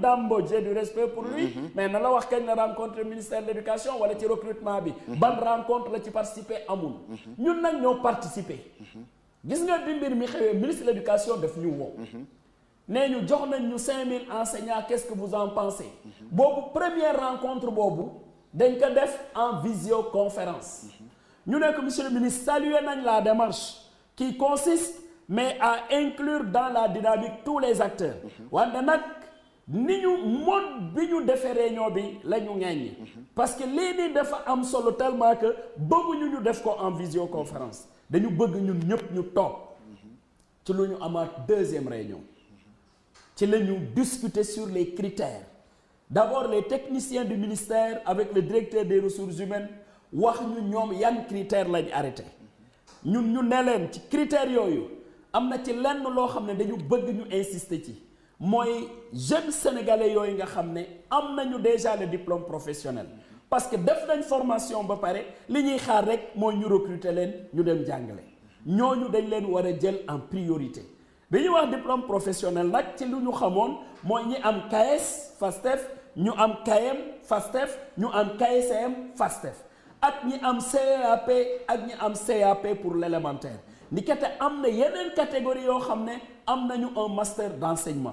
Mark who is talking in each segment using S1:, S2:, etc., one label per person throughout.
S1: dambo j'ai du respect pour lui mhm. mais pas wax kañ rencontré rencontre ministère de l'éducation wala ci recrutement bi mhm. ban rencontre la ci participer amul mhm. ñun nous ñoo participer gis nga mi ministre de l'éducation daf ñu nous avons jox nañ ñu 5000 enseignants qu'est-ce que vous en pensez bobu première rencontre bobu dañ ko en visioconférence ñu nek monsieur le ministre saluer la démarche qui consiste mais à inclure dans la dynamique tous les acteurs wante nag ni avons mode biñu défé réunion bi parce que les nii dafa am solo tellement que nous ñu def ko en visioconférence dañu bëgg ñun ñëpp ñu top ci luñu fait deuxième réunion ci lañu nous discuter sur les critères d'abord les techniciens du ministère avec le directeur des ressources humaines wax ñu ñom yane critères nous arrêté ñun ñu nous ci critères yoyu avons fait ci lenn Nous avons fait dañu bëgg ñu insister ci moy jeunes sénégalais yoy nga xamné ne am déjà le diplôme professionnel parce que def nañ formation ba paré li ñuy xaar rek moy ñu recruter len ñu dem jàngalé ñooñu dañ leen wara a jël en priorité bi wax diplôme professionnel nak ci lu ñu xamoon ñi am KS FASTEF ñu am KM FASTEF ñu am KSM FASTEF ak ñi am CAP ak ñi am CAP pour l'élémentaire ndikete am na yenen catégorie yo xamné ne am un master d'enseignement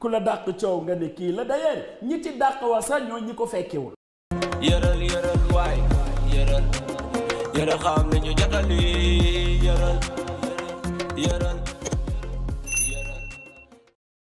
S1: ku la dàq coow nga ne kii la d'ailleurs ñi ci dàq wax sax ñi ko fekkewul yëral yëral waay yëral yëral xam nañu jotali yëral yëral